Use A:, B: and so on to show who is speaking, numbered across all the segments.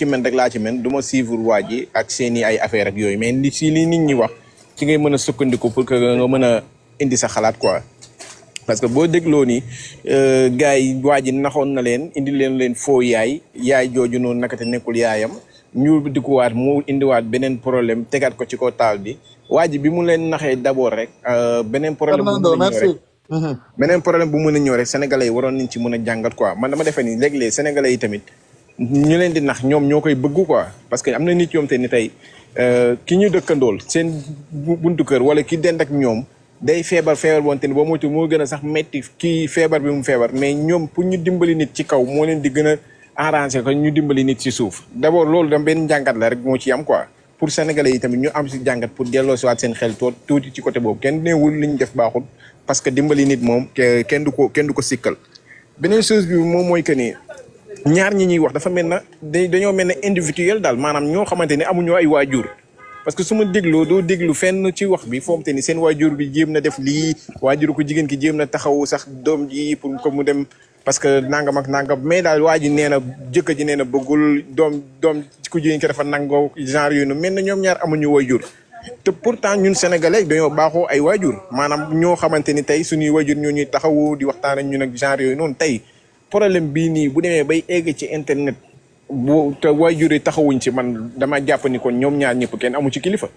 A: ci men rek laa ci men du ma suivre waa ji ak seen ay affaire ak yooyu mais li si li nit ñi wax ci ngay mën a sukkandiku pour que nga mën a indi sa xalaat quoi parce que boo dégloo ni euh, gars yi waa ji naxoon na leen indi leen leen foo yaay yaay jooju noonu naka te nekkul yaayam ñu dikkuwaat mu indiwaat beneen problème tegaat ko ci ko taal bi waa bi mu leen naxee d'abord rek euh, mhm. beneen problème bu mën a ñëw rek beneen problème bu waroon nañ ci mën a jàngat quoi man dama defee ni léeg-léeg yi tamit ñu leen di nax ñoom ñoo koy bëgg quoi parce que am na nit yoom te ni tey euh, ki ñu dëkkandool seen buntu kër wala ki dend ak ñoom day feebar feebar bonte ni boo moytu moo gën a sax metti kii feebar bi mu feebar mais ñoom pour ñu dimbali nit ci kaw moo leen di gën a arrangé ko ñu dimbali nit ci suuf d'abord loolu dam benn njàngat la rek moo ci am quoi pour sénégalais yi tamit ñu am si jàngat pour delloo si waat seen xel toot tuuti ci côté boobu kenn neewul li ñu def baaxul parce que dimbali nit moom kenn du ko kenn du ko sikkal beneen ni ñaar ñi ñuy wax dafa mel na dañoo mel ne individuel daal maanaam ñoo xamante ne amuñoo ay waajur parce que su ma dégloo doo déglu fenn ci wax bi foom te ni seen waajur bi jéem na def lii waajur ko jigéen ki jéem na taxawu sax doom ji pour ko mu dem parce que nangam ak nangam mais daal waa ji nee na jëkkër ji nee na bëggul doom doom ku jigéen ki dafa nangoo genre yooyu mel na ñoom ñaar amuñu waajur te pourtant ñun sénégalais dañoo baaxoo ay waajur maanaam ñoo xamante ni tey suñuy waajur ñoo ñuy taxawu di waxtaan ak ñun ak genre yooyu noonu tey problème bii nii bu demee bay egg ci internet bu te waajur yi taxawuñ ci man dama jàpp ni ñoom ñaar ñëpp kenn amu ci kilifa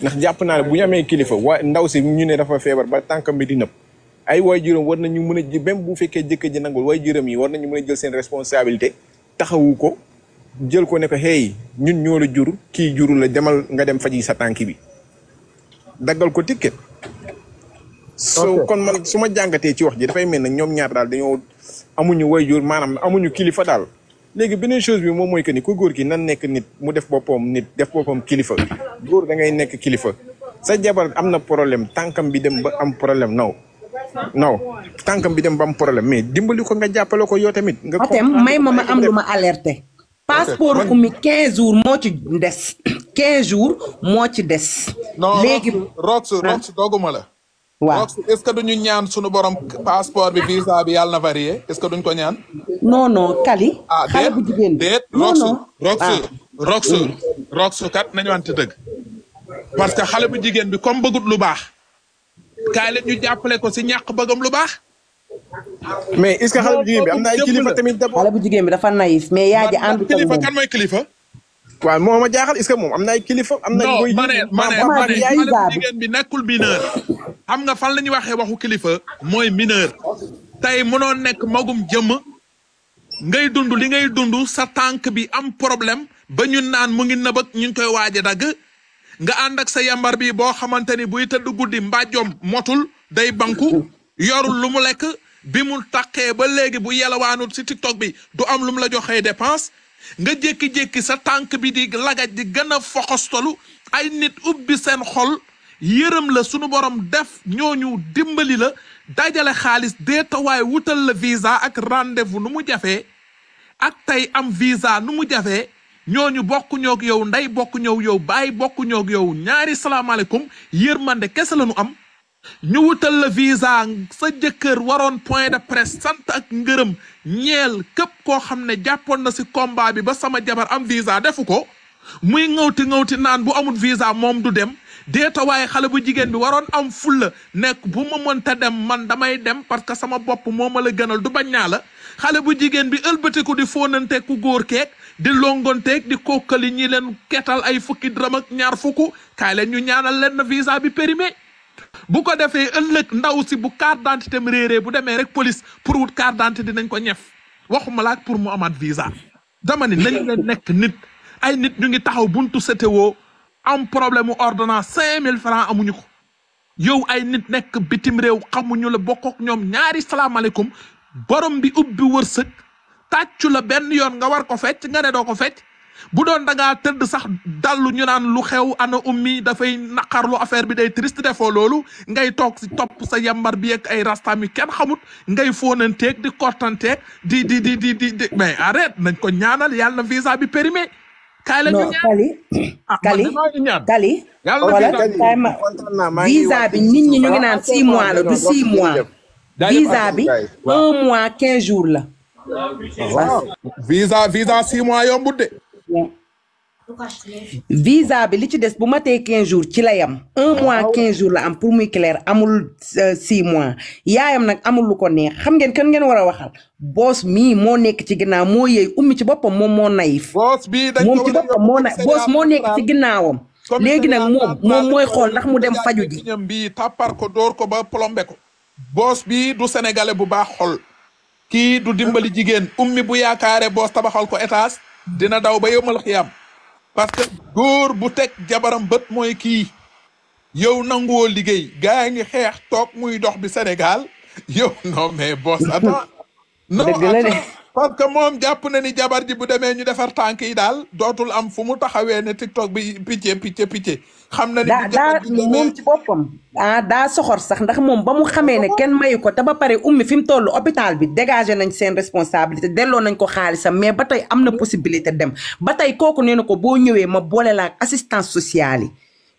A: ndax jàpp naa ne bu ñu amee kilifa waa ndaw si ñu ne dafa feebar ba tànkam bi di nëb ay waajuram war nañu mën a ji bu fekkee jëkkër ji nangul waajuram yi war nañu mën a jël seen responsabilité taxawu ko jël ko ne ko ñun ñoo la jur kii juru la demal nga dem faji sa tànk bi daggal ko ticket so kon man su ma jàngatee ci wax ji dafay mel ne ñoom ñaar daal dañoo amuñu wayjur maanaam amuñu kilifa daal léegi benn chose bi moom mooy que ni ku góor gi na nekk nit mu def boppam nit def boppam kilifa góor da ngay nekk kilifa sa jabar am na problème tànkam bi dem ba am problème naw naw tànkam bi dem ba am problème mais dimbali ko nga jàppale ko yoo tamit. nga may ma ma am lu ma alerté.
B: passeport ummi 15 jours moo ci des 15 jours moo ci des. léegi non Rox Rox dogguma la. waaw est ce que duñu ñaan sunu borom passeport bi visa bi yàlla na varié est ce que duñ ko ñaan. non non Kali. ah déet xale bu jigéen bi déet Roxu Roxu ah. Roxu Roxu kat nañu wante dëgg. parce que xale bu jigéen bi comme bëggut lu baax. kaay la ñu jàppale ko si ñàkk bëggam lu baax. mais est ce que xale bu jigéen bi
C: am ay kilifa tamit. xale bu jigéen bi dafa naïf mais yaa ji ànd. kilifa kan
A: mooy kilifa. waaw moo ma jaaxal est que moom am na ay kilifa. am na ñu ma ma ne ma ne bi nekkul mineur.
B: xam nga fan la ñuy waxee waxu kilifa. mooy mineur. tey mënoo nekk magum jëmm. ngay dund li ngay dund sa tànk bi am problème. ba ñu naan mu ngi nëbëg ñu ngi koy waaja dagg. nga ànd ak sa yambar bi boo xamante ni buy tëdd guddi mbàjjoom motul day banku. yorul lu mu lekk bi mu taqee ba léegi bu yelawaanul si TikTok bi du am lu mu la joxee dépense. nga jékki-jékki sa tànk bi di lagaj di gën a foxostalu ay nit ubbi seen xol yërëm la sunu borom def ñooñu dimbali la dajale xaalis dee tawaay wutal la visa ak rendez nu mu jafee ak tey am visa nu mu jafee ñooñu bokk ñoog yow ndey bokku ñoog yow bàyyi bokk ñoog yow ñaari salaamaaleykum yërmande kese la nu am ñu wutal la visa sa jëkkër waroon point de presse sant ak ngërëm ñeel képp koo xam ne jàppoon na si combat bi ba sama jabar am visa defu ko muy ngawti ngawti naan bu amul visa moom du dem deeta waaye xale bu jigéen bi waroon am fulla nekk bu ma mënta dem man damay dem parce que sama bopp moo ma la gënal du bañ naa la xale bu jigéen bi ëlbatiku di fóonante ku góor keek di longonteeg di kokkali ñi leen ketal ay fukki dërëm ak ñaar fukk kaay leen ñu ñaanal leen na visa bi périmé bu ko defee ëllëg ndaw si bu carte d'identité am réeree bu demee rek police pour wut carte d'identité dinañ ko ñef waxuma laak pour mu amaat visa dama ni nañ leen nekk nit ay nit ñu ngi taxaw buntu CTO am problème mu ordonnance cinq mille francs amuñu ko yow ay nit nekk bitim réew xamuñu la bokk ak ñoom ñaari salaamaaleykum borom bi ubbi wërsëg tàccu la benn yoon nga war ko fecc nga ne doo ko fecc bu doon da tëdd sax dallu ñu naan lu xew ana ummi dafay naqarlu affaire bi day triste defoo loolu ngay toog si topp sa yambar bi ak ay rastam yi xamut ngay fóonanteeg di kortanteeg di di di di di mais arrête nañ ko ñaanal yàlla na visa bi périmé. kaay ah, ñu ñaan kali visa bi ñi ñu ngi naan ah, six mois la du six mois visa bi un mois quinze jours la.
C: visa bi li ci des bu matee 15 jours ci la yam un mois 15 jours la am pour muy clair amul 6 euh, mois yaayam nag amul ko neex xam ngeen kan ngeen war a waxal boos mii moo nekk ci ginnaaw moo yëy ummi ci boppam moom moo naïf.
B: moom ci boppam moo na boos moo nekk ci ginnaawam. léegi nag moom moom mooy xool ndax mu dem faju ji. bi tàppar ko dóor ko ba ko. boos bi du sénégalais bu baax xool kii du dimbali jigéen ummi bu yaakaare boos tabaxal ko étage. dina daw ba yowmal xiyaam parce que góor bu teg jabaram bët mooy kii yow nanguwoo liggéey gaa ngi xeex toog muy dox bi Sénégal yow non mais boss attends non parce que moom jàpp na ni jabar ji bu demee ñu defar tànk yi daal dootul am fu mu taxawee ne toog bi picce picce picce xam na ne daa
C: moom ci boppam ah daa soxor sax ndax moom ba mu xamee ne kenn mayu ko te ba pare ummi fi mu toll hôpital bi dégagé nañ seen responsabilité delloo nañ ko xaalisam mais ba tey am na possibilité dem ba tey kooku nee na ko boo ñëwee ma boole la ak assistance sociale yi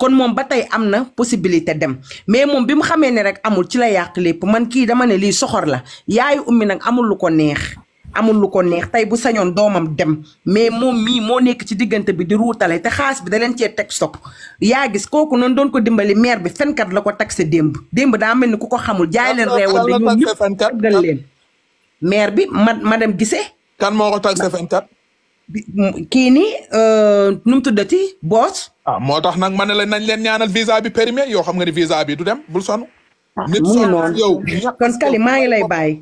C: kon moom ba tey am na possibilité dem mais moom bi mu xamee ne rek amul ci la yàq lépp man kii dama ne lii soxor la yaayu ummi nag amul lu ko neex amul lu ko neex tey bu sañoon doomam dem mais moom mii moo nekk ci diggante bi di ruutale te xaas bi daleen leen cee teg stop yaa gis kooku noonu doon ko dimbali mair bi fenkat la ko taxe démb démb daa mel ni ku ko xamul jaay leen reewal da ñoom ñëpp dal
B: leen maire bi ma madame gise kan moo ko taxe fenkat kii ni euh, nu mu tuddati boos ah moo tax nag ma ne la nañ leen ñaanal visa bi périmé yoo xam nga ni visa bi du dem bul sonn ah, nit sonn yow kon kali maa ngi lay bàyyi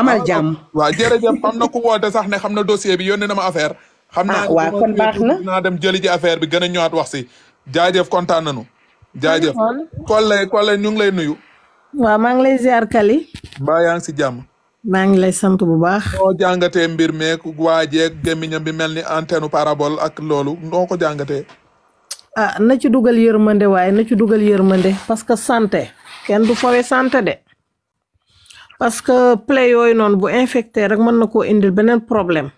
B: amal ah, jàmm. waaw jërëjëf am na ku sax ne xam na dossier bi yónnee na ma affaire. xam ah, naa waaw kon baax na dem jëli ji affaire bi gën a ñëwaat wax si. jaajëf kontaan nañu. jaajëf Collé Collé ñu ngi lay nuyu.
D: waaw maa ngi lay ziar Kali.
B: mbaa yaa ngi si jàmm.
D: maa ngi lay sant bu baax.
B: noo jàngatee mbir meek waajeeg gémmiñam bi mel ni antenne parabole ak loolu noo ko jàngatee.
D: ah na ci dugal yërmande waaye na ci dugal yërmande parce que sante kenn du fawee santé de. parce que play yoy non bu infecté rek man nako benen indil benen problème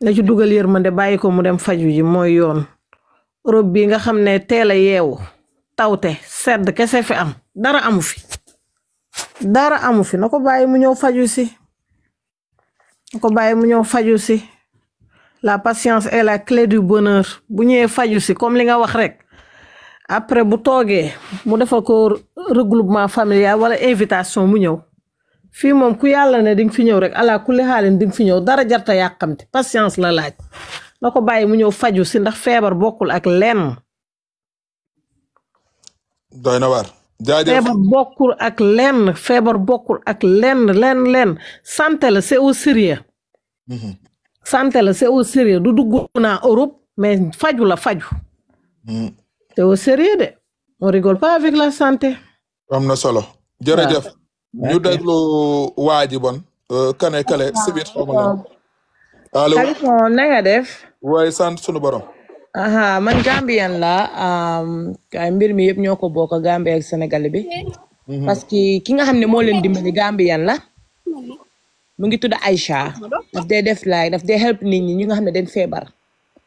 D: na ci bayi yermande bayiko mu dem faju ji moy yoon Europe bi nga xamné ne yewu tawté sedd kessé fi am dara amu fi dara amu fi nako bayyi fajusi, mu bayi faju fajusi. nako bayyi mu faju ci la patience est la clé du bonheur bu ñewé faju ci comme li nga wax rek après bu toogee mu defal ko regroupement familial wala invitation mu ñëw fii moom ku yàlla ne di nga fi ñëw rek ala kulli xaalin di nga fi ñëw dara jarta yàqamti patience la laaj na ko bàyyi mu ñëw faju si ndax feebar bokkul ak lenn. doy na waar. bokkul ak lenn feebar bokkul ak lenn lenn lenn santé la c'est au sérieux. Mhm. santé la c'est au sérieux du dugg naa Europe mais faju la faju. Mhm. c'est au sérieux de on rigole pas avec la santé.
B: am na solo. jërëjëf ñu déglu waa ji bon. Euh, kane kale sibit xamu la. def. waaye sant sunu borom.
E: aha man Gambien la kay mbir mi yëpp ñoo ko bokk Gambie ak Sénégal bi. Mhm. parce que ki nga xam ne moo leen dimbali Gambien la. Mhm. mu ngi tudd Aïcha. daf dee def like daf dee help nit ñi ñi nga xam ne dañ feebar.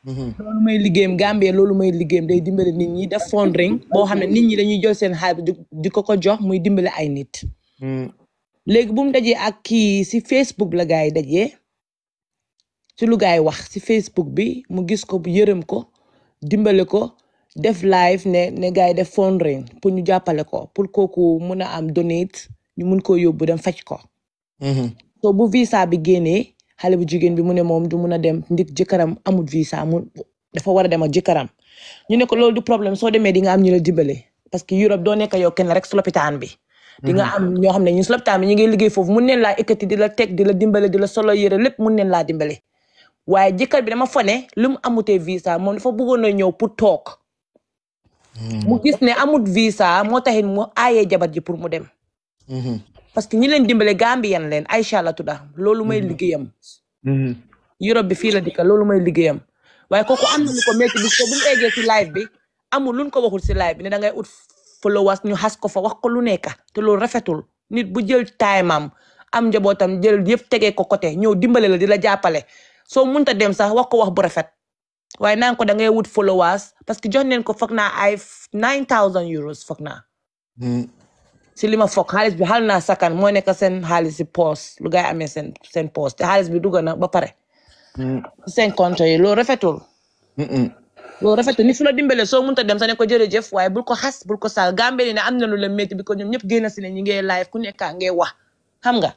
E: Mm-hmm. loolu may liggéeyam Gambie loolu may liggéeyam day dimbale nit ñi def funding boo xam ne nit ñi dañuy jël seen xaalis di ko ko jox muy dimbale ay nit mm-hmm. léegi bu mu dajee ak kii si Facebook la gaay yi dajee si lu gaay wax si Facebook bi mu gis ko bu yërëm ko dimbale ko def live ne ne gaay yi def funding pour ñu jàppale ko pour kooku mun a am donate ñu mun koo yóbbu dem faj ko mm-hmm. so bu visa bi génnee xale bu jigéen bi mu ne moom du mun a dem ndik jëkkëram amut visa mu dafa war dem ak jëkkëram ñu ko loolu du problème soo demee di nga am ñu la dimbale parce que Europe doo nekk yow kenn rek si lopitaan bi. di nga mhm. am ñoo xam ne ñun si bi ñu ngi liggéey foofu mun neen laa ekkati la teg di la dimbale di la solo yére lépp mun neen laa dimbale. waaye jëkkër bi dama fone lu mu amutee visa moom dafa bëggoon a ñëw pour toog. Mhm. mu gis ne amut visa moo taxit mu aayee jabar ji pour mu dem. Mhm. parce que ñi leen dimbale Gambien leen ay la tudda loolu may mhm. liggéeyam. Mhm. Europe bi fii la dikka loolu may liggéeyam waaye am na ko métti bis ko bu mu eggee ci bi amul luñ ko waxul si live bi ne da ngay ut followers ñu xas ko fa wax ko lu nekk te loolu rafetul nit bu jël time am am njabootam jël yëpp tegee ko côté ñëw dimbale la di la jàppale soo munta dem sax wax ko wax bu rafet waaye naan ko da ngay wut followers parce que jox neen ko foog naa ay 9000 euros foog naa. Mhm. si li ma foog xaalis bi xal naa sakkan moo nekk seen xaalis si poos lu gay amee seen seen poos te xaalis bi dugg na ba pare. Mm. seen compte yi loolu rafetul. loolu rafetul ni fu la dimbalee soo mun a dem sa ne ko jërëjëf waaye bul ko xas bul ko saal gàmbe ne am na lu la métti bi ko ñoom ñëpp génna si ne ñi ngay live ku nekk ngay wax
B: xam nga.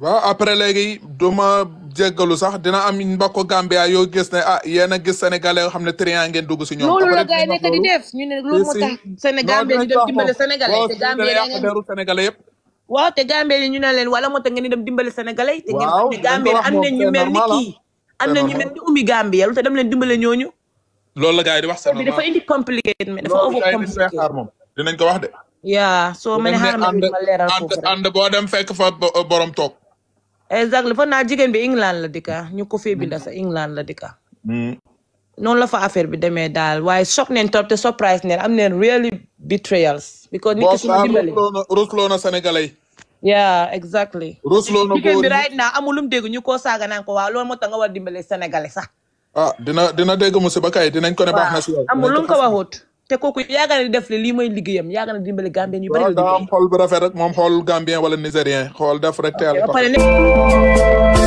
B: waaw après léegi duma djegalu sax dina am mbokk Gambia yo gis ne ah yena gis sénégalais yo xam ne ngeen dugg ci ñoom. lolu la gay nek di
E: def ñu ne lolu moo tax. Sénégal ñu dem dimbale sénégalais te gambia yaa ngi deru sénégalais yëpp. waaw te Gambie ñu na leen wala moo tax ngeen dem dimbale sénégalais. te ngeen gambia am nañ ñu mel ni ah. kii am nañ ñu mel ni Oumy Gambie lu tax dem
B: leen dimbale ñoñu lolu la gay di wax seen dafa indi
E: compliqué mais dafa over
B: compliqué dinañ ko wax de.
E: ya so ma haram xaaral ma leeral ko
B: and bo dem fekk fa borom tok
E: exactement foog naa jigéen bi England la dika ñu ko fee binda sa mm. England la dika mm. noonu la fa affaire bi demee daal waaye choc neen trop te surprise neen am neen really betrayals because nit ki suñu dimbali bi right now amul dégg ñu koo saaga naan ko waaw loolu moo tax nga war dimbale sénégalais sax
B: ah, dina dina musiba kay dinañ ko ne baax na si amul lu mu
E: waxut te kooku yaaga na di def lii mooy liggéeyam
B: yaaga na di dimbali Gambien yu bari la. daa am xool bu rafet rek moom xool Gambien wala Nigérien xool def rek teel.